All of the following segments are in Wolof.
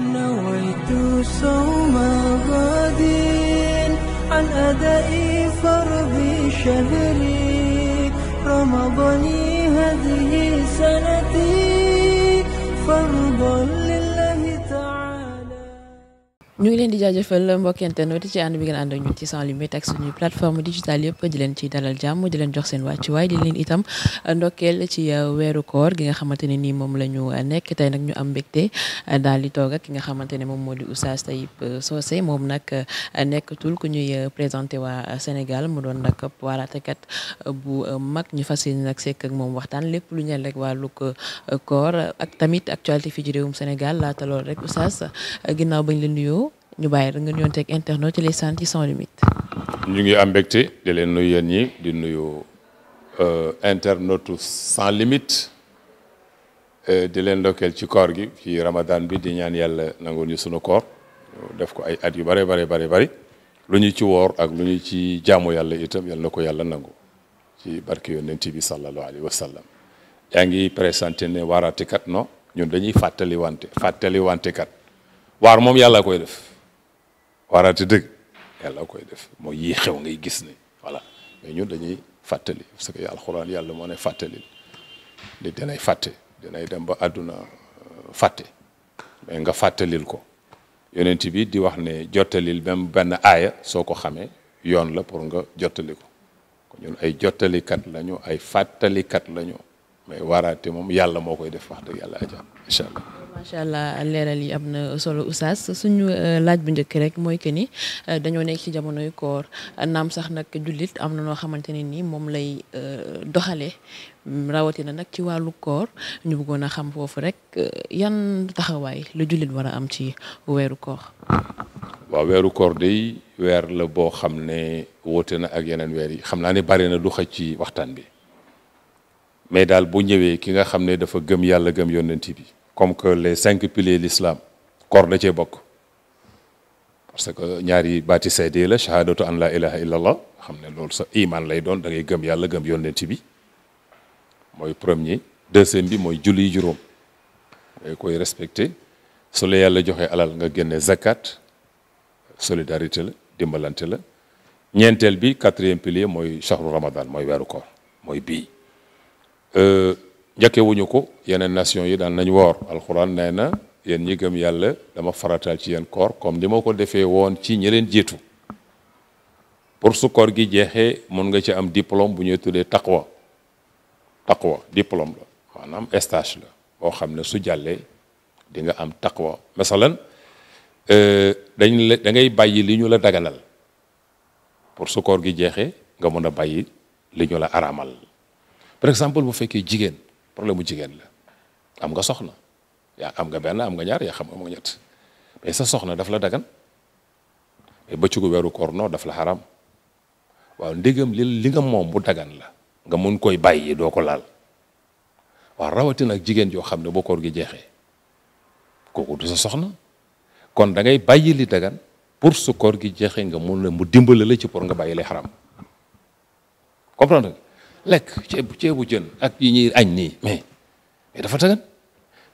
نويت صوم غد عن أداء فرض شهري رمضان هذه سنتي فرضا ñu ngi leen di jaajëfal mbokk internet ci ànd bi ngeen ànd ak ñun ci sans limite ak suñuy plateforme digitale yëpp di leen ci dalal jàmm di leen jox seen wàccuwaay di leen itam ndokkeel ci euh, weeru koor gi nga xamante ne nii moom la ñu euh, nekk tey nag ñu am mbégte euh, daal di toog ak ki nga xamante ne moom moo di Oustaz Tayib soose moom nag nekkatul ku ñuy présenté waa Sénégal mu doon nag waaraatekat bu mag ñu fas yéene nag sekk ak moom waxtaan lépp lu ñeel rekk wàllug koor ak tamit actualité fii ci réewum Sénégal laata lool rek Oustaz ginnaaw bañ la nuyoo ñu bàyyi rek nga nuyoonteeg internet ci les santé sans limite. ngi am mbégte di leen nuy yéen ñi di nuyu euh, internetu sans limite euh, di leen ndokkeel ci koor gi ci ramadan bi di ñaan yàlla nangu ñu sunu koor def ko ay at yu bare bare bare bari lu ñu ci woor ak lu ñu ci jaamu yàlla itam yàlla na ko yàlla nangu ci barke yonent bi sallallahu alayhi wa yaa ngi présenté ne waaraatekat non ñun dañuy fàttali wante fàttali wante kat waar moom yàlla koy def. waaraate dëgg yàlla koy def mooy yii xew ngay gis ni voilà mais ñun dañuy fàttali parce que alxuraan yàlla moo ne fàttali li danay fàtte danay dem ba àdduna euh, fàtte mais nga fàttalil ko yonent bi di wax ne jottalil même benn aaya soo ko xamee yoon la pour nga jottali ko kon ñun ay jottalikat lañu ay fàttalikat lañu mais waaraate moom yàlla moo koy def wax dëgg yàlla ajaam incha allah macha allah leeral yi am na solo oustaz suñu euh, laaj bu njëkk rek mooy que ni euh, dañoo nekk ci jamonoy koor naam sax nag jullit am na noo xamante ne ni moom lay euh, doxale rawatina nag ci wàllu koor ñu buggoon a xam foofu rek yan taxawaay la jullit war a am ci weeru koor. waaw weeru koor day weer la boo xam ne woote na ak yeneen weer yi xam naa ne bari na du xaj ci waxtaan bi mais daal boo ñëwee ki nga xam ne dafa gëm yàlla gëm yonent bi. comme que les cinq piliers de l'islam la da cee bokk parce que ñaari baati seede la shahadatu an la ilaha illallah xam ne loolu sa iman lay doon da ngay gëm yàlla gëm yonent bi mooy premier deuxième bi mooy julli juróom ngay koy respecté su la yàlla joxe alal nga génne zakat solidarité la dimbalante la ñeenteel bi quatrième pilier mooy shahru ramadan mooy weeru koor mooy bii euh, njëkkewuñu ko yeneen nation yi daan nañ woor alxuraan nee na yéen ñi gëm yàlla dama farataal ci yéen koor comme ni ma ko defee woon ci ñi leen jiitu pour su koor gi jeexee mun nga ci am diplôme bu ñuy tuddee taqwa taqwa diplôme la maanaam stage la boo xam ne su jàllee di nga am taqwa masalan euh, dañ da ngay bàyyi li ñu la daganal pour su koor gi jeexee nga mën a bàyyi li ñu la aramal par exemple bu fekkee jigéen problème bu jigéen la am nga soxna yaa am nga benn am nga ñaar yaa xam am nga ñett mais sa soxna daf la dagan mais bëccëgu weeru koor noo daf la xaram waaw ndégam li li nga moom bu dagan la nga mun koy bàyyi doo ko laal waaw rawatina jigéen joo xam ne boo koor gi jeexee kooku du sa soxna kon da ngay bàyyi li dagan pour su koor gi jeexee nga mun la mu dimbali la ci pour nga bàyyi lay xaram comprendre lekk ceeb ceebu jën ak yi ñuy añ nii mais dafa dagan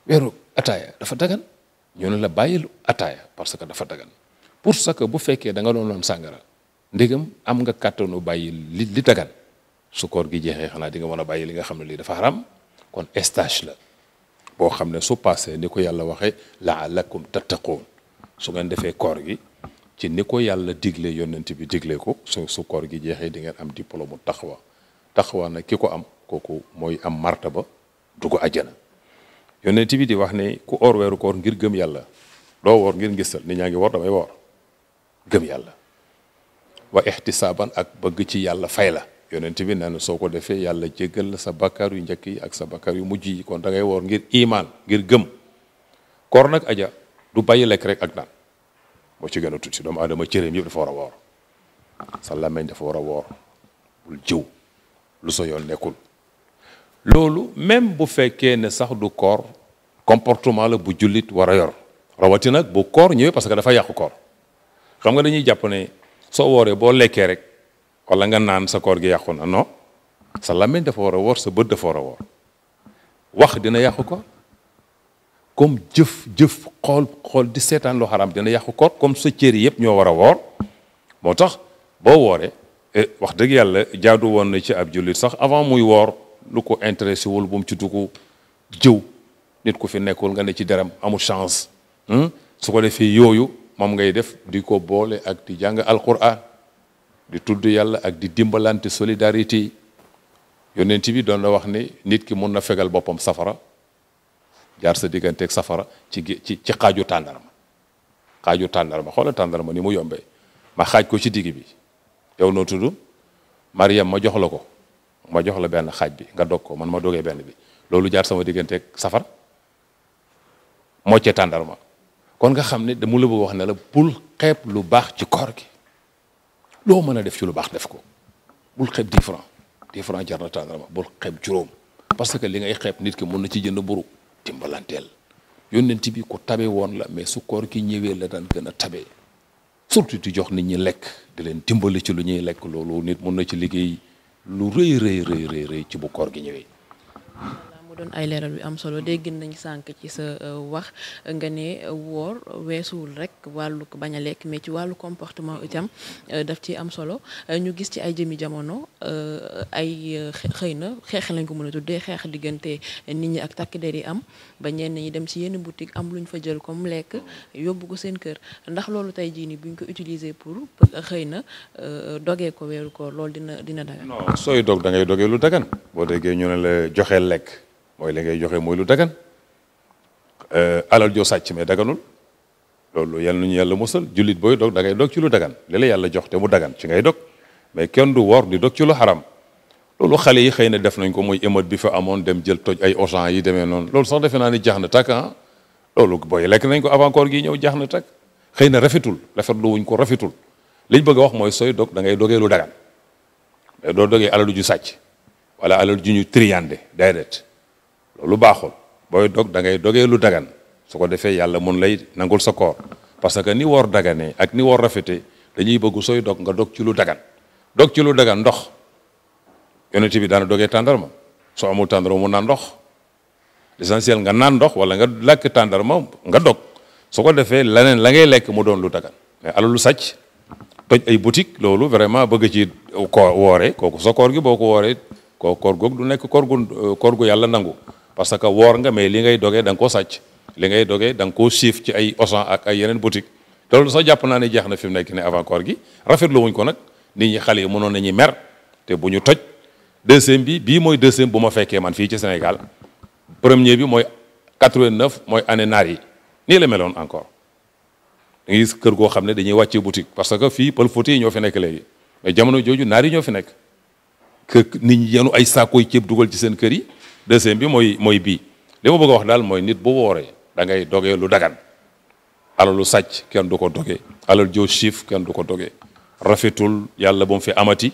weeru ataaya dafa dagan ñu ne la bàyyil ataaya parce que dafa dagan pour sa que bu fekkee da nga doon doon sàngara ndegam am nga kàttanu bàyyi li li dagan su koor gi jeexee xanaa di nga mën a bàyyi li nga xam ne lii dafa haram kon stage la boo xam ne su passé ni ko yàlla waxee laalakum tattaqoon su ngeen defee koor gi ci ni ko yàlla digle yonent bi digle ko su su koor gi jeexee di ngeen am diplôme mu taxawa taxawaa na ki ko am kooku mooy am martaba dugg àjjana yonent bi di wax ne ku or weeru koor ngir gëm yàlla doo woor ngir ngistal nit ñaa ngi woor damay woor gëm yàlla wa ixtisaaban ak bëgg ci yàlla fay la yonent bi nee na soo ko defee yàlla jéggal la sa bakkaar yu njëkk yi ak sa bakkar yu mujj yi kon da woor ngir imaan ngir gëm koor nag aja du bàyyi lekk rek ak naan moo ci gën a tuuti doomu aadama cëréem yëpp dafa war a woor sa làmmiñ dafa war a woor lu sa yoon nekkul loolu même bu fekkee ne sax du koor comportement la bu jullit war a yor rawati bu koor ñëwee parce que dafa yàqu koor xam nga dañuy jàpp ne soo wooree boo lekkee rek wala nga naan sa koor gi yàqu na non sa làmmiñ dafa war a woor sa bët dafa war a woor wax dina yàqu koor comme jëf jëf xool xool di seetaan lu xaram dina yàqu koor comme sa cër yëpp ñoo war a woor moo tax boo wooree Eh, wax dëgg yàlla jaadu woon na ci ab jullit sax avant muy woor lu ko intéressé wul bu mu ci dugg jëw nit ku fi nekkul nga ne ci deram amul chance hmm? su ko defee yooyu moom ngay def di ko boole ak di jàng alquran di tudd yàlla ak di dimbalante solidarité yi yonent bi doon na wax ni nit ki mun na fegal boppam safara jaar sa digganteek safara ci ci ci xaaju tàndarma xaaju tàndarma xoolal tàndarma ni mu yombee ma xaaj ko ci digg bi yow noo tudd Mariam ma jox la ko ma jox la benn xaaj bi nga dog ko man ma dogee benn bi loolu jaar sama digganteeg safar moccee tàndarma kon nga xam ne dama la bëgg wax ne la bul xeeb lu baax ci koor ki loo mën a def ci lu baax def ko bul xeeb dix francs dix francs jar na tàndarma bul xeeb juróom parce que li ngay xeeb nit ki mun na ci jënd buru dimbalanteel yónnent bi ku tabe woon la mais su koor gi ñëwee la daan gën a tabe surtout di jox nit ñi lekk di leen dimbali ci lu ñuy lekk loolu nit mun na ci liggéey lu rëy rëy rëy rëy ci bu koor gi ñëwee mu doon ay leeral yu am solo dégg nañ sànq ci sa euh, wax nga ne woor weesuwul rek wàllu bañ a lekk mais ci wàllu comportement itam euh, daf ci am solo euh, ñu gis ci ay jëmmi jamono ay xëy na xeex lañ ko mën a tuddee xeex diggante nit ñi ak takk der yi am ba ñenn ñi dem ci yenn boutique am lu luñ fa jël ko mu lekk yóbbu ko seen kër ndax loolu tey jii nii buñ ko utiliser pour xëy na dogee ko weeru koor loolu dina dina dagan. non sooy dog da ngay dogee lu dagan boo déggee ñu lekk. mooy li ngay joxe mooy lu dagan euh, alal joo sàcc mais daganul loolu yal ñu yàlla musal jullit booy dog da ngay dog ci lu dagan li yàlla jox te mu dagan ci ngay dog mais kenn du woor di dog ci lu xaram loolu xale yi xëy na def nañ ko muy émeute bi fa amoon dem jël toj ay Auchan yi demee noonu loolu sox defe naa ni jaax na takk ah loolu booy lekk nañ ko avant koor gi ñëw jaax na takk xëy na rafetul rafetlu wuñ ko rafetul liñ bëgg wax mooy sooy dog da ngay doo dogee alal ju sàcc wala alal ju ñu triyande déedéet loolu baaxul booy dog da ngay dogee lu dagan su ko defee yàlla mun lay nangul sa koor parce que ni woor daganee ak ni woor rafete dañuy bëgg sooy dog nga dog ci lu dagan dog ci lu dagan ndox yonent bi daana dogee tàndarma soo amul tàndarma mun naan ndox l'essentiel nga naan ndox wala nga làkk tàndarma nga dog su ko defee leneen la ngay lekk mu doon lu dagan mais alalu sàcc toj ay boutique loolu vraiment bëgg ci ko woore kooku sa koor gi boo ko wooree koo koor goog du nekk koor gu yàlla nangu parce que woor nga mais li ngay dogee da nga koo sàcc li ngay dogee da nga koo ci ay Auchan ak ay yeneen boutique te loolu sax jàpp naa ne jeex na fi mu nekk ne avant gi rafetlu wuñ ko nit ñi xale yi mënoon nañu mer te bu ñu toj deuxième bi bii mooy deuxième bu ma fekkee man fii ci Sénégal premier bi mooy 89 mooy année naar yi nii la meloon encore da kër goo xam ne dañuy wàccee boutique parce que fii pël fóote yi ñoo fi nekk léegi jamono jooju naar ñoo fi nekk que nit yenu ay saako yu ceeb dugal ci seen kër yi deuxième bi mooy mooy bii li ma bëgg a wax daal mooy nit bu wooree da ngay dogee lu dagan alalu sàcc kenn du ko doge alal joo chiif kenn du ko doge rafetul yàlla boom mu fi amati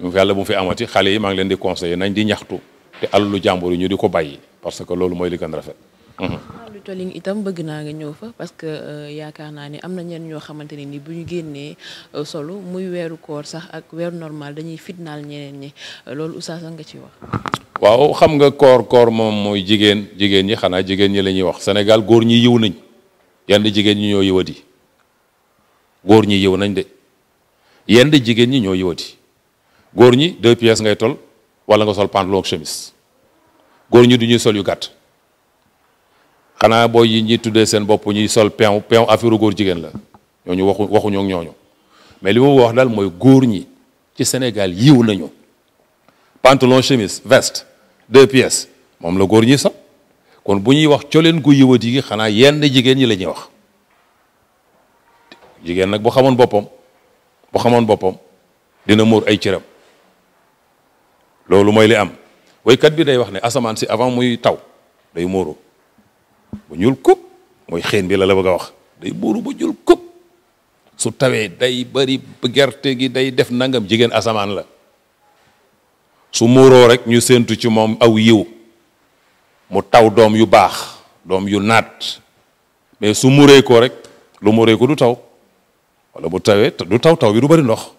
yàlla bu mu fi amati xale yi maa ngi leen di conseiller nañ di ñaxtu te alalu jàmbur yi ñu di ko bàyyi parce que loolu mooy li gën rafet wàllu mhm. tolling itam bëgg naa nga ñëw fa parce que euh, yaakaar naa ni am na ñenn ñoo xamante ne ni bu ñu génnee euh, solo muy weeru koor sax ak weeru normal dañuy fitnaal ñeneen ñi euh, loolu oustaz nga ci wax. waaw xam nga koor koor moom mooy jigéen jigéen ñi xanaa jigéen ñi la ñuy wax Sénégal góor ñi yiw nañ yenn jigéen ñi ñoo yiwati góor ñi yiw nañ de yenn jigéen ñi ñoo yiwati góor ñi deux pièces ngay tol wala nga sol pantalon ak chemise góor ñi du ñuy sol yu gàtt. xanaa booy yi ñuy tuddee seen bopp ñuy sol peew peew affaire góor jigéen la ñooñu waxu waxuñoo ñooñu mais li ma wax daal mooy góor ñi ci Sénégal yiw nañu pantalon chemise veste deux pièces moom la góor ñi sax kon bu ñuy wax coleen gu yiwat yi xanaa yenn jigéen ñi la ñuy wax jigéen nag bu xamoon boppam bu xamoon boppam dina muur ay cëram loolu mooy li am waykat bi day wax ne asamaan si avant muy taw day muuru bu ñuul kub mooy xeen bi la la bëgg a wax day buuru bu ñuul kub su tawee day bari gerte gi day def nangam jigéen asamaan la su muuroo rek ñu séentu ci moom aw yiw mu taw doom yu baax doom yu naat mais su muureekoo rek lu muree du taw wala bu tawee du taw taw bi du bari ndox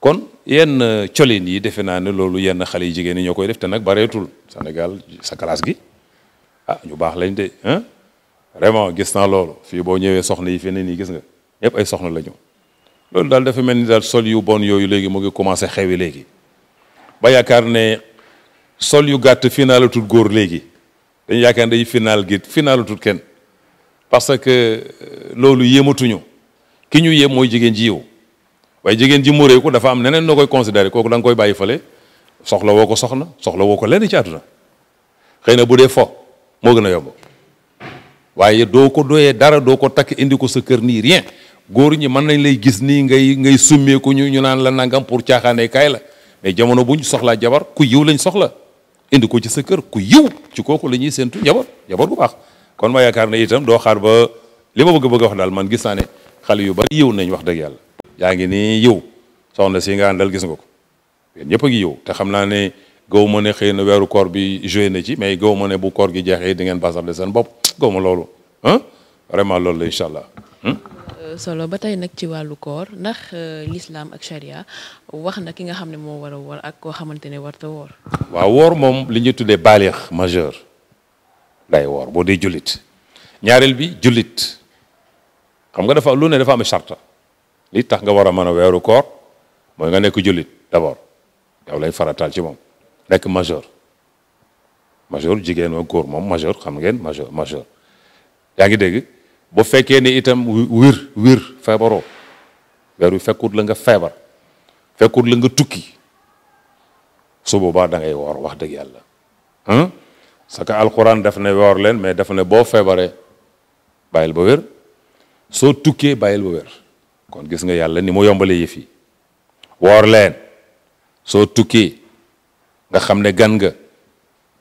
kon yenn uh, colin yi defe naa ne loolu yenn xale yu jigéen ñi ñoo koy def te nag bareetul Sénégal sa classe gi a ah, ñu baax lañ de hein vraiment gis naa loolu fii boo ñëwee soxna yi fi ne nii gis nga ñëpp ay soxna la ñu loolu daal dafa mel ni daal sol yu bon yooyu léegi mu ngi commencé xewi léegi ba yaakaar ne sol yu gàtt finaalatul góor léegi dañu yaakaar ne day final gi finaalatul kenn parce que euh, loolu yéematuñu ki ñu yéem mooy jigéen ji yow waaye jigéen ji mureeku dafa am neneen noo koy considéré kooku da nga koy bàyyi fale soxla woo ko soxna soxla woo ko lenn ci àdduna na moo gën a yomb waaye doo ko doyee dara doo ko takk indi ko sa kër nii rien góor ñi mën nañ lay gis nii ngay ngay summeeku ñu ñu naan la nangam pour caaxaanee kaay la mais jamono bu ñu soxlaa jabar ku yiw lañ soxla indi ko ci sa kër ku yiw ci kooku la ñuy séentu njaboot njaboot bu baax kon ma yaakaar na itam doo xaar ba li ma bëgg bëgg wax daal man gis naa ne xale yu bari yiw nañ wax dëgg yàlla yaa ngi nii yiw soxna si nga àndal gis nga ko yéen ñëpp yiw te xam naa gaw ma ne xëy na weeru koor bi joué na ci mais gaw ma ne bu koor gi jeexee dingeen ngeen basarle seen bopp gaw ma loolu ah vraiment loolu la allah. Euh, solo ba tey nag ci wàllu koor ndax euh, l'islam ak sharia wax na ki nga xam ne moo war a woor ak koo xamante ne warta woor. waaw woor moom li ñuy tuddee baleex majeur day woor boo dee jullit ñaareel bi jullit xam nga dafa lu ne dafa am charte li tax nga war a mën a weeru koor mooy nga nekk jullit d'abord yow lay farataal ci moom. nekk major major jigéen ma góor moom major xam ngeen major major yaa ngi dégg bu fekkee ni itam wir wir feebaro weer wi fekkut la nga feebar fekkut la nga tukki su boobaa dangay ngay woor wax dëgg yàlla sa ka alxuraan daf ne woor leen mais daf ne boo feebaree bàyyil ba wér soo tukkee bàyyil ba wér kon gis nga yàlla ni mu yombalee yëf yi woor leen soo tukkee nga xam ne gan nga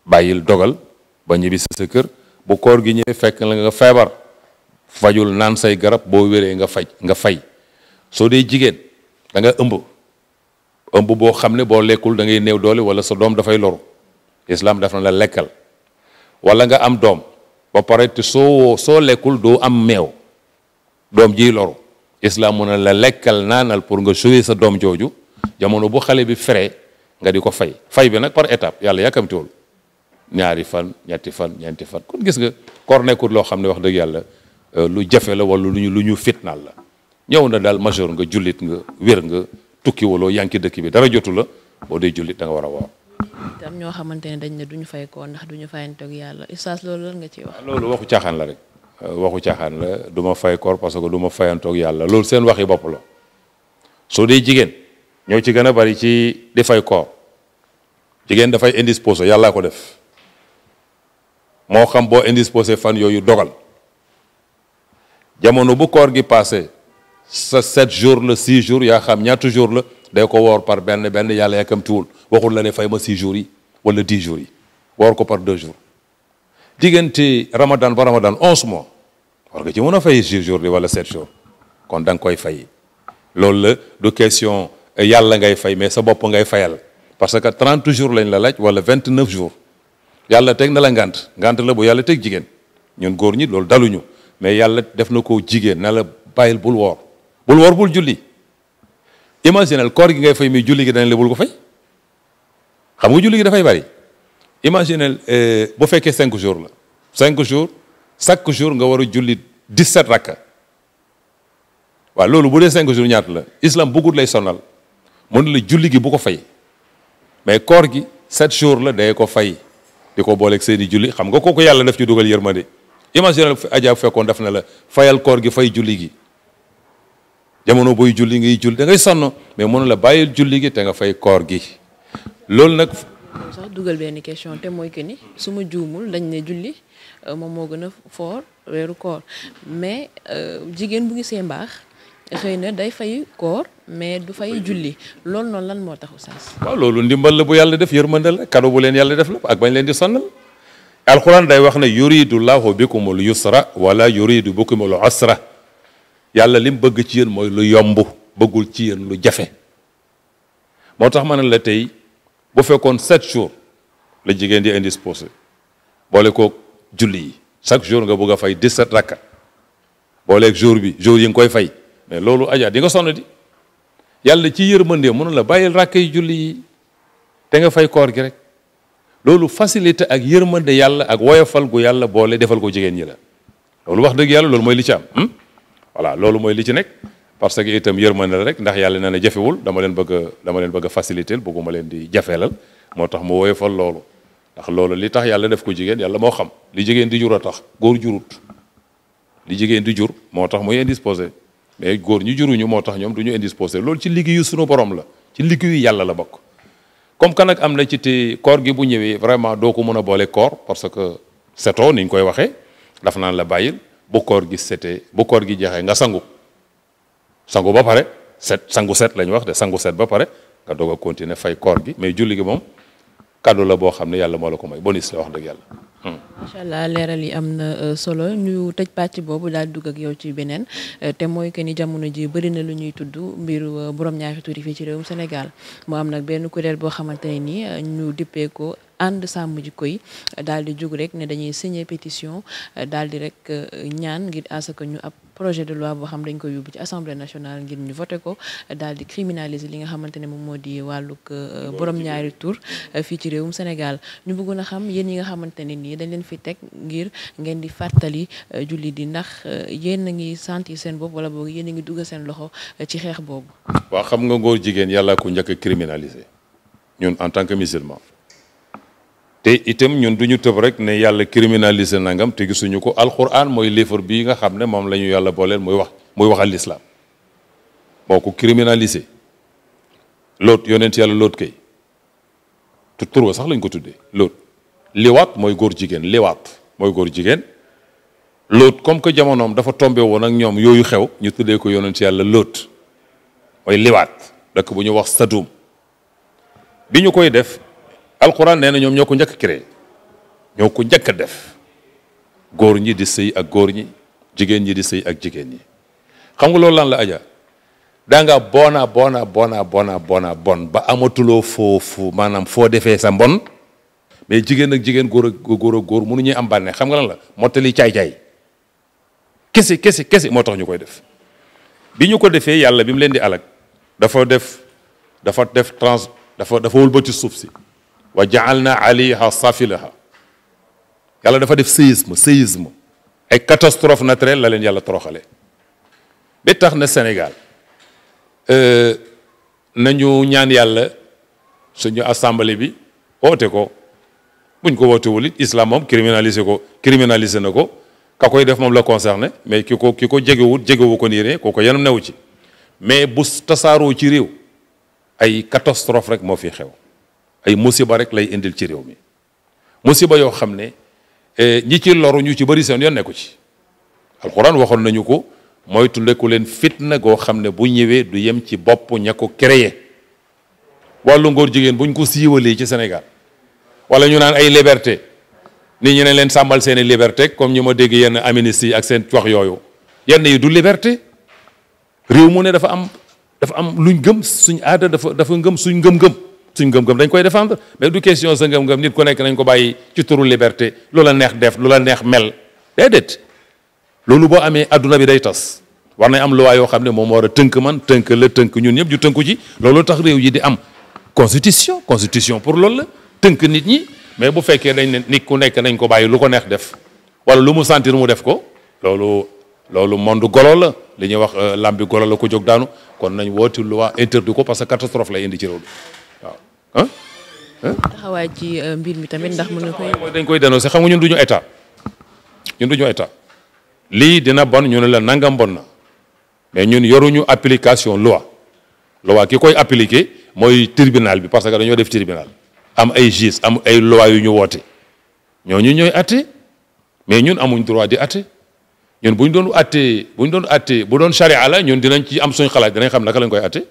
bàyyil dogal ba ñibbi sa kër bu koor gi ñëwee fekk la nga feebar fajul naan say garab boo wéree nga faj nga fay soo dee jigéen da nga ëmb ëmb boo xam ne boo lekkul dangay ngay néew doole wala sa doom dafay loru islaam daf na la lekkal wala nga am doom ba pare te soo lekkul doo am meew doom jiy loru islam mu ne la lekkal naanal pour nga suwe sa doom jooju jamono bu xale bi fere nga di ko fay fay bi nag par étape yàlla yàkkamtiwul ñaari fan ñetti fan ñeenti fan kon gis nga kor nekkul loo xam ne wax dëgg yàlla euh, lu jafe la wala lu ñu lu ñu fitnaal la ñëw na daal majeur nga jullit nga wér nga tukki waloo dëkk bi dara jotu la boo dee jullit nga war a woor tam ñoo xamante ne dañ ne duñu fay ko ndax duñu fayanteeg yàlla ustaas loolu lan nga ciy wax loolu waxu caaxaan la rek euh, waxu caaxaan la du ma fay koor parce que du ma fayantoog yàlla loolu seen waxi bopp la soo dee jigéen ñoo ci gën a bari ci di fay koor jigéen dafay indisposé yàllaa ko def moo xam boo indisposé fan yooyu dogal jamono bu koor gi passé sa sept jours la six jours yaa xam ñaat jours la day ko woor par benn benn yàlla yàkkamtiwul waxul la ne fay ma six jours yi wala dix jour yi ko par deux jours diggante ramadan ba ramadan onze mois war nga ci mën a fay six jours yi wala sept kon da nga koy fay loolu la du question yàlla ngay fay mais sa bopp ngay fayal parce que 30 jours lañ la laaj wala 29 jours yàlla teg na la ngant ngant la bu yàlla teg jigéen ñun góor ñi loolu daluñu mais yàlla def na ko jigéen na la bàyyil bul woor bul woor julli imaginel koor gi ngay fay mi julli gi danañ la bul ko fay xam nga julli gi dafay bari imaginel euh, bu fekkee cinq jours la 5 jours chaque jour nga war a julli 17 rakka waaw loolu bu dee 5 jours ñaata la islam bëggut lay sonal. mu la julli gi bu ko fay mais koor gi sept jours la day ko fay di ko booleeg seeni julli xam nga kooku yàlla def ci dugal yërmande imaginal ajaab fekkoon def na la fayal koor gi fay julli gi jamono booy julli ngay julli da ngay sonn mais mu la bàyyil julli gi te nga fay koor gi loolu nag. sax dugal benn question te mooy que ni su ma juumul dañ ne julli euh, moom moo gën a foor weeru koor mais euh, jigéen bu gisee mbaax. xëy na day fay koor mais du fay julli lool noonu lan moo tax oustaz waaw loolu ndimbal la bu yàlla def yërmande la cadeau bu leen yàlla def la ak bañ leen di sonnal alquran day wax ne yuridu llahu bikumul yusra wala yuridu bikumul usra yàlla lim bëgg ci yéen mooy lu yomb bëggul ci yéen lu jafe moo tax ma ne la tey bu fekkoon sept jour la jigéen di indisposé boole koog julli yi chaque jour nga bëgg a fay 17 rakka booleeg jour bi jour yi nga koy fay mais loolu ajaa di nga sonn di yàlla ci yërmandee mënu la bàyyil ràkk yi julli yi te nga fay koor gi rek loolu facilité ak yërmande yàlla ak woyofal gu yàlla boole defal ko jigéen ñi la loolu wax dëgg yàlla loolu mooy li ci am hmm? voilà loolu mooy li ci nekk parce que itam yërmande la rek ndax yàlla nee na jafewul dama leen bëgg a dama leen bëgg facilité bëgguma leen di jafeelal moo tax mu woyofal loolu ndax loolu li tax yàlla def ko jigéen yàlla moo xam li jigéen di jur a tax góor jurut li jigéen di jur moo tax muy indisposé mais góor ñi juruñu moo tax ñoom du ñu indisposé loolu ci liggéeyu sunu borom la ci liggéeyu yàlla la bokk comme que nag am na ci te koor gi bu ñëwee vraiment doo ko mën a boole koor parce que setoo ni ñu koy waxee daf naan la bàyyil bu koor gi setee bu koor gi jeexee nga sangu sangu ba pare set sangu set la ñu wax de sangu set ba pare nga doog a continuer fay koor gi mais julli gi moom kàddu la boo xam ne yàlla moo la ko may bonus la wax dëgg yàlla macha allah leeral yi am na euh, solo ñu tëj pàcc boobu daal dugg ak yow ci beneen euh, te mooy que ni jamono ji bëri na lu ñuy tudd mbir euh, borom ñaari tur fii ci réewum Sénégal moo am nag benn kuréel boo xamante ne nii ñu dippee ànd sàmm jikko yi daal di jug rek ne dañuy signer pétition daal di rek ñaan ngir asaka ñu ab projet de loi boo xam dañ koy yóbbu ci assemblée nationale ngir ñu voté ko daal di criminaliser li nga xamante ne moom moo di wàllug euh, borom ñaari tour euh, fii ci réewum Sénégal ñu bëggoon a xam yéen yi nga xamante ne nii dañ leen fi teg ngir ngeen di fàttali euh, julli di ndax yéen a ngi sentir seen bopp wala boog yéen a ngi dugg seen loxo ci xeex boobu. waa xam nga góor jigéen yàlla ko njëkk a criminaliser ñun en tant que musulman. te itam ñun du ñu tëb rek ne yàlla criminalisé nangam te gisuñu ko alquran mooy livre bii nga xam ne moom la ñu yàlla booleel muy wax muy waxal lislaam moo ko criminalisé loot yonent yàlla loot kay te tur sax lañ ko tuddee loot liwaat mooy góor jigéen liwaat mooy góor jigéen loot comme que jamonoom dafa tombé woon ak ñoom yooyu xew ñu tuddee ko yonent yàlla loot mooy liwaat dakk bu ñu wax sadum bi ñu koy def alquran nee na ñoom ñoo ko njëkk créé ñoo ko njëkk a def góor ñi di sëy ak góor ñi jigéen ñi di sëy ak jigéen ñi xam nga loolu lan la aja daa nga bona bona bona bona bona bon ba amatuloo foofu maanaam foo defee sa mbon mais jigéen ak jigéen góor a góor ak góor mënuñuy am bànneex xam nga lan la mottali caay-caay kese kese kese moo tax ñu koy def bi ñu ko defee yàlla bi mu leen di alag dafa def dafa def trans dafa dafa wëlbati suuf si wa jaalna aliha safilaha yàlla dafa def séisme séisme ay catastrophe naturelle la leen yàlla toroxale ba tax na Sénégal euh, nañu ñaan yàlla suñu assemblée bi woote ko buñ ko wootewul it islam moom criminalisé ko criminalisé na ko ka koy def moom la ne mais ki ko ki ko jegewut jegewu ko nii rek kooku yanam newu ci mais bu tasaaroo ci réew ay catastrophe rek moo fi xew ay musiba rek lay indil ci réew mi musiba yoo xam ne eh, ñi ci loru ñu ci bari seen yoon nekku ci alxuraan waxoon nañu ko moytu lekku leen fitna goo xam ne bu ñëwee du yem ci bopp ña ko créé wàllu ngóor jigéen buñ ko siiwalee ci Sénégal wala ñu naan ay liberté nit ñu ne leen sàmmal seeni liberté comme ñu ma dégg yenn amnistie ak seen wax yooyu yenn yi du liberté réew mu ne dafa am dafa am luñ gëm suñ aada dafa dafa ngëm suñ ngëm-ngëm suñ ngëm-ngëm dañ koy défendre mais du question sa ngëm-ngëm nit ku nekk nañ ko bàyyi ci turu liberté lu la neex def lu la neex mel déedéet loolu boo amee adduna bi day tas war nañ am loi yoo xam ne moom war a tënk man tënk la tënk ñun ñëpp ju tënku ci loolu tax réew yi di am constitution constitution pour loolu la tënk nit ñi mais bu fekkee dañ ne nit ku nekk nañ ko bàyyi lu ko neex def wala lu mu sentir mu def ko loolu loolu monde golo la lu ñuy wax euh, lam bi golo la ko jog daanu kon nañ wooti loi interdit ko parce que catastrophe lay indi ci réew waaw ah. taxawaay ci euh, mbir mi tamit ndax mën na koy. dañ koy denoo sax xam nga ñun duñu état ñun duñu état lii dina bon ñu ne la nangam bon na mais ñun yoruñu application loi loi ki koy appliquer mooy tribunal bi parce que dañoo def tribunal am ay juges am ay loi yu ñu woote ñoo ñu ñooy atte mais ñun amuñ droit di atte ñun bu ñu doon atte bu ñu doon atte bu doon charia la ñun dinañ ci am suñ xalaat dinañ xam naka lañ koy atte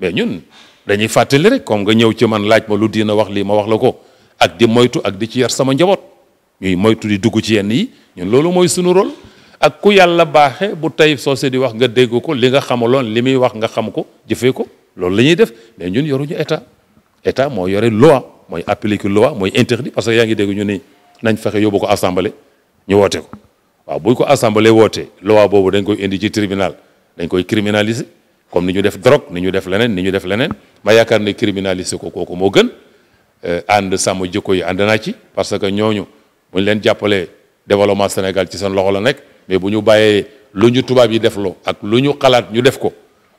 mais ñun. dañuy fàttali rek comme nga ñëw ci man laaj ma lu diina wax lii ma wax la ko ak di moytu ak di ci yar sama njaboot ñuy moytu di dugg ci yenn yi ñun loolu mooy sunu rôle ak ku yàlla baaxe bu tey soosé di wax nga dégg ko li nga xamu lool li muy wax nga xam ko jëfee ko loolu la ñuy def mais ñun yoruñu état état moo yore loi mooy appliquer loi mooy interdit parce que yaa ngi dégg ñu ni nañ fexe yóbbu ko assemblée ñu woote ko waaw buñ ko assemblée wootee loi boobu dañ koy indi ci tribunal dañ koy criminaliser comme ni ñu def drogue ni ñu def leneen ni ñu def leneen ma yaakaar ne criminaliser ko kooku moo gën euh, ànd sàmm jikko yi ànd naa ci parce que ñooñu bu ñu leen jàppalee développement Sénégal ci seen loxo la nekk mais bu ñu bàyyee lu ñu tubaab yi def loo ak lu ñu xalaat ñu def ko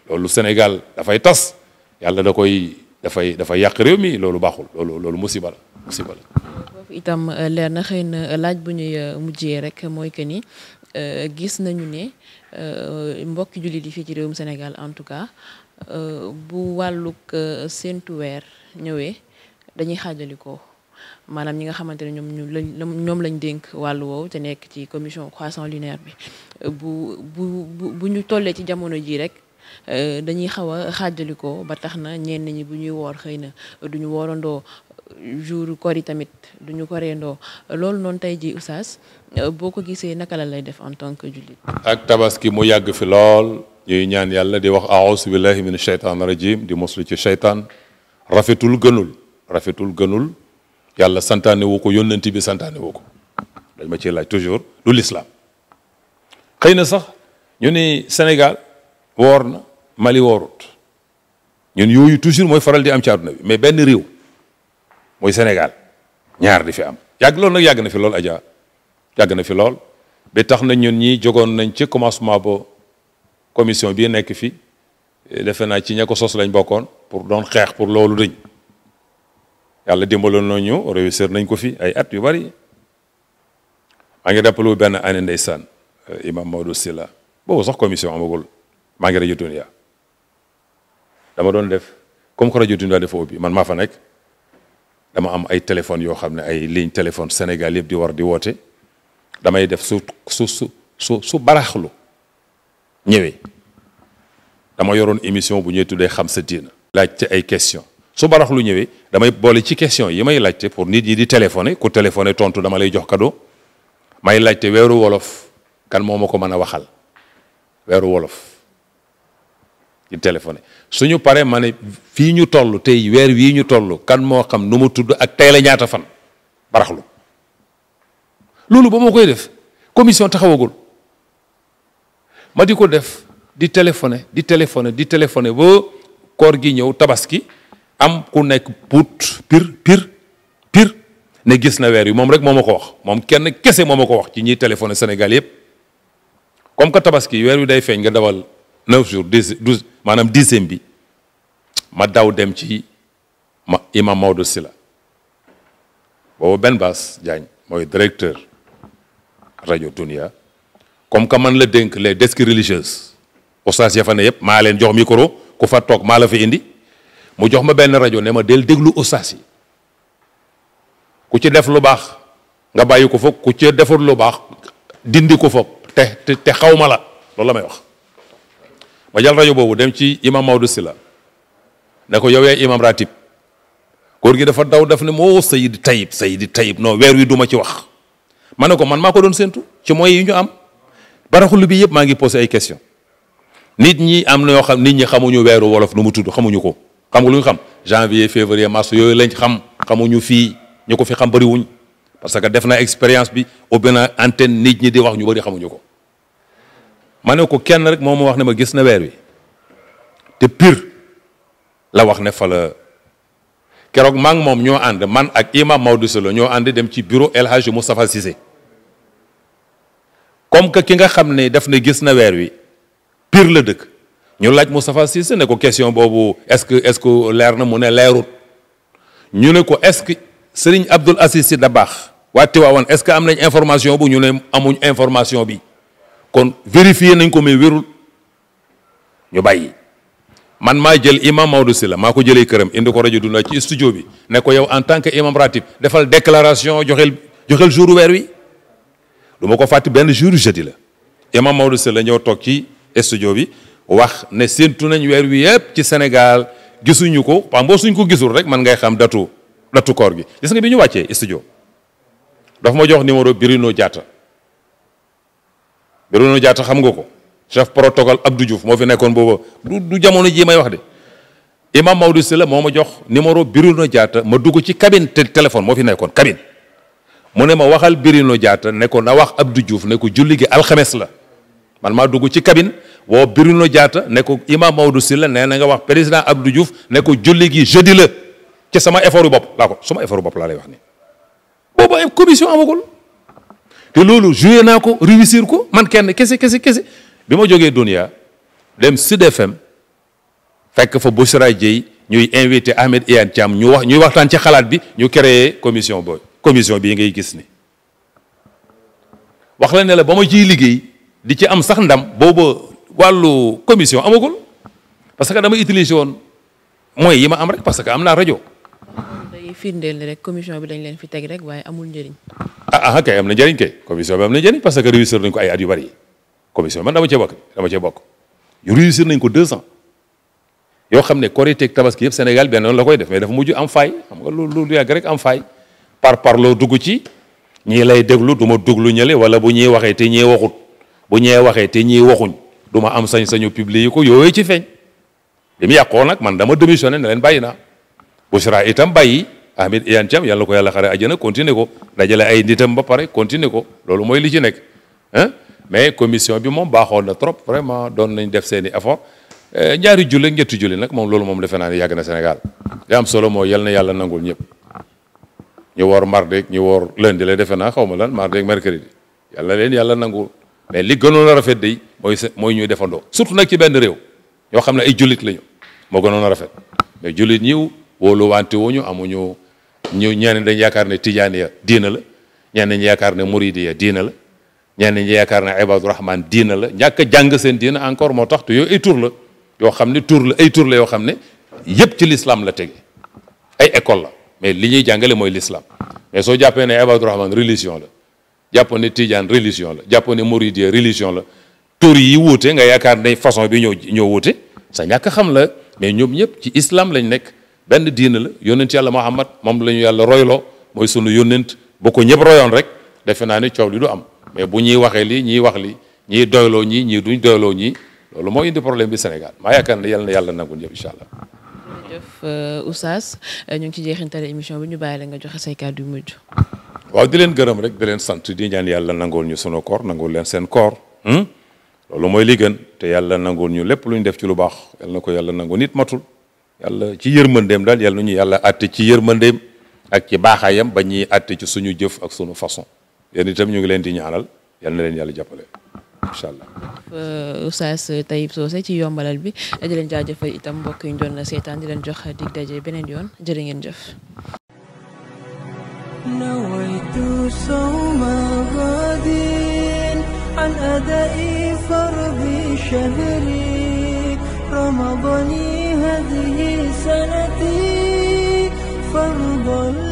loolu Sénégal dafay tas yàlla da koy dafay dafay yàq réew mi loolu baaxul loolu loolu musiba la musiba la. itam euh, leer na xëy na laaj bu ñuy euh, mujjee rek mooy que ni Euh, gis nañu ne euh, mbokki jullit yi fii ci réewum Sénégal en tout cas euh, bu wàllug séentu weer ñëwee dañuy xaajalikoo maanaam ñi nga xamante ne ñoom ñu ñoom lañ dénk wàll woow te nekk ci commission croissant lunaire bi bu bu bu ñu tollee ci jamono jii rek. dañuy xaw a xaajalikoo ba tax na ñenn ñi bu ñuy woor xëy na duñu ñu woorandoo jour koor yi tamit duñu ñu koreendoo loolu noonu tey ji oustaz Euh, boo ko gisee naka la lay def en tant que jullit ak tabaski mu yàgg fi lool ñuy ñaan yàlla di wax aousu billahi min sheytaan rajim di moslu ci sheytaan rafetul gënul rafetul gënul yàlla santaane wu ko yónnanti bi santaane wu ko dañ ma ciy laaj toujours du l'islam xëy na sax ñu ni Sénégal woor na Mali woorut ñun yooyu toujours mooy faral di am ci àdduna bi mais benn réew mooy Sénégal ñaar di fi am yàgg loolu nag yàgg na fi loolu Adja yàgg na fi lool ba tax na ñun ñi jogoon nañ ci commencement boo commission bii nekk fi defe naa ci ña ko sos lañ bokkoon pour doon xeex pour loolu dañ yàlla dimbaloon nañu réussir nañ ko fi ay at yu bari maa ngi rappelé benn année ndeysaan euh, imam Maodo Sylla boobu sax commission amagul maa ngi rajo Dunia dama doon def comme que rajo Dunia dafa ubbi man maa fa nekk dama am ay téléphones yoo xam ne ay ligne téléphone Sénégal yëpp di war di woote damay def su su su su su baraxlu ñëwee dama yoroon émission bu ñuy tuddee xam sa diina laajte ay question su baraxlu ñëwee damay boole ci question yi may laajte pour nit ñi di téléphone ku téléphoner tontu dama lay jox cadeau may laajte weeru wolof kan moo ma ko mën a waxal weeru wolof di téléphoné suñu paree ma fii ñu toll tey weer wii ñu toll kan moo xam nu mu tudd ak tey la ñaata fan baraxlu loolu ba ma koy def commission taxawagul ma di ko def di téléphoné di téléphoné di téléphoné ba koor gi ñëw tabaski am ku nekk puut piir piir pir ne gis na weer wi moom rek moom ma ko wax moom kenn kese moom ma ko wax ci ñiy téléphoné Sénégal yëpp comme que tabaski weer wi day feeñ nga dawal 9 jours 10 12 maanaam dixième bi ma daw dem ci ma imam Maodo Sylla boobu benn baas Diagne mooy directeur rajo Dunia comme que man la dénk les deski religieuses oustaz ya fa ne yëpp maa leen jox micro ku fa toog maa la fi indi mu jox ma benn rajo ne ma del déglu oustaz yi ku ci def lu baax nga bàyyi ko foog ku ci deful lu baax dindi ko foog te te xaw ma la loolu la may wax ma jël rajo boobu dem ci imam Maodo Sylla ne ko yow yaay imam ratib góor gi dafa daw daf ne moo Sayid Tayib Sayid Tayib non weer wi duma ci wax ma ne ko man maa ko doon séntu ci mooy yi ñu am baraxulu bi yëpp maa ngi posé ay question nit ñi am na ñoo xam nit ñi xamuñu weeru wolof nu mu tudd xamuñu ko xam nga lu ñu xam janvier février mars yooyu lañ xam xamuñu fii ñu ko fi xam bariwuñ parce que def na expérience bi ubbi naa entenne nit ñi di wax ñu bëri xamuñu ko ma ne ko kenn rek moom ma wax ne ma gis na weer wi te pir la wax ne fa la keroog maa moom ñoo ànd man ak imam Maodo Solo ñoo ànd dem ci bureau El Hadj Moustapha comme que ki nga xam ne daf na gis na weer wi piir la dëkk ñu laaj Moustapha Cissé ne ko question boobu est-ce que est-ce que leer na mu ne leerut ñu ne ko est-ce que Serigne Abdoul Aziz Sy Dabakh waa Tiwaawan est-ce que am nañ information bu ñu ne amuñ information bi kon vérifier nañ ko mais wérul ñu bàyyi man maa jël imam si la maa ko jëlee këram indi ko rajo Dunda ci studio bi ne ko yow en tant que imam ratib defal déclaration joxel joxel jour weer wi. du ma ko fàtte benn jour jeudi la imam Maodo Sylla la ñëw toog ci studio bi wax ne séentu nañ weer wi yëpp ci Sénégal gisuñu ko pam boo suñ ko gisul rek man ngay xam datu datu koor gi gis nga bi ñu wàccee studio daf ma jox numéro Birino Diatta Birino Diatta xam nga ko chef protocole Abdou Diouf moo fi nekkoon booba du du jamono ji may wax de imam Maodo Sylla la moo ma jox numéro Birino Diatta ma dugg ci cabine téléphone moo fi nekkoon cabine mu ne ma waxal Bruno Diatta ne ko na wax Abdou Diouf ne ko julli gi alxames la man maa dugg ci cabine woo Bruno jaata ne ko imam Maodo Sylla nee na nga wax président Abdou Diouf ne ko julli gi jeudi la ci sama effort yu bopp laa ko sama effort yu bopp laa lay wax ni booba commission amagul te loolu joué naa ko réussir ko man kenn kese kese kese bi ma jogee Dunia dem Sud FM fekk fa Bouchra Dieye ñuy invité Ahmed Iyane Thiam ñu wax ñuy waxtaan ci xalaat bi ñu créé commission boobu commission bii ngay gis ni wax la ne la ba ma ciy liggéey di ci am sax ndam booba wàllu commission amagul parce que dama utiliser woon moyens yi ma am rek parce que am naa rajo. day firndeel rek commission bi dañ leen fi teg rek waaye amul njëriñ. ah ah kay am na njëriñ kay commission bi am na njëriñ parce que réussir nañ ko at yu bari commission man dama cee bokk yu réussir nañ ko deux ans yoo xam ne Korité ak Tabaski yëpp Sénégal benn la koy def mais dafa mujj am faay xam nga lu lu yàgg rek am faay. par loo dugg ci ñii lay déglu du ma duglu ñële wala bu ñuy waxee te ñii waxut bu ñee waxee te ñii waxuñ du ma am sañ-sañu publier ko yooyu ci feeñ bi mu yàqoo nag man dama démissionné ne leen bàyyi naa Bouchra itam bàyyi Ahmed Iyane Thiam yàlla ko yàlla xare àjjana continuer ko dajale ay nitam ba pare continuer ko loolu mooy li ci nekk ah mais commission bi moom baaxoon na trop vraiment doon nañ def seen i effort eh, ñaari julli ñetti julli nag moom loolu moom defe naa yàgg na Sénégal am solo mooy yal na yàlla nangul ñëpp ñu woor mardi ak ñu woor lundi lay defe naa xaw ma lan mardi ak mercredi yàlla leen yàlla nangu mais li gënoon a rafet day mooy mooy ñuy defandoo surtout nag ci benn réew ñoo xam ne ay jullit lañu moo gënoon a rafet mais jullit ñi wóoluwante wuñu amuñu ñu ñenn dañ yaakaar ne tiijaan ya diina la ñenn ñi yaakaar ne muridi ya diina la ñenn ñi yaakaar ne ibadu rahman diina la ñàkk a jàng seen diina encore moo tax te yooyu ay tur la yoo xam ne tur la ay tur la yoo xam ne yépp ci l'islam la tege ay école la mais li ñuy jàngale mooy l'islam mais soo jàppee ne Ibaadu Rahmaan religion la jàppoon ne Tidiane religion la jàppoon ne Mouridien religion la tur yi wuute nga yaakaar ne façon bi ñoo ñoo wuute sa ñàkk xam la mais ñoom ñëpp ci islam lañ nekk benn diina la yónent yàlla Muhammad moom la ñu yàlla royloo mooy sunu yónent bu ko ñëpp royoon rek defe naa ne coow li du am mais bu ñuy waxee lii ñuy wax li ñii doyloo ñii ñii duñ doyloo ñi loolu moo indi problème bi Sénégal maa yaakaar ne yàlla na yàlla nangul jërëjëf euh, Oustaz euh, ñu ngi ci jeexintal émission bi ñu bàyyi la nga joxe say kàddu yu waaw di leen gërëm rek di leen sant di ñaan yàlla nangool ñu sunu koor nangool leen seen koor. Hmm? loolu mooy li gën te yàlla nangool ñu lépp lu ñu def ci lu baax yàlla na ko yàlla nangool nit matul yàlla ci yërmandeem daal yàlla na ñu yàlla àtte ci yërmandeem ak ci baaxaayam ba ñuy àtte ci suñu jëf ak suñu façon yéen itam ñu ngi leen di ñaanal yàlla na leen yàlla jàppale. incha allah. Euh, Oustaz Taib Socé ci yombalal bi di leen jaajëfal itam mbokk yi ñu doon seetaan di leen jox dig daje beneen yoon jërë ngeen jëf. نويت صوم غد عن أداء فرض شهري رمضان هذه سنتي فرضا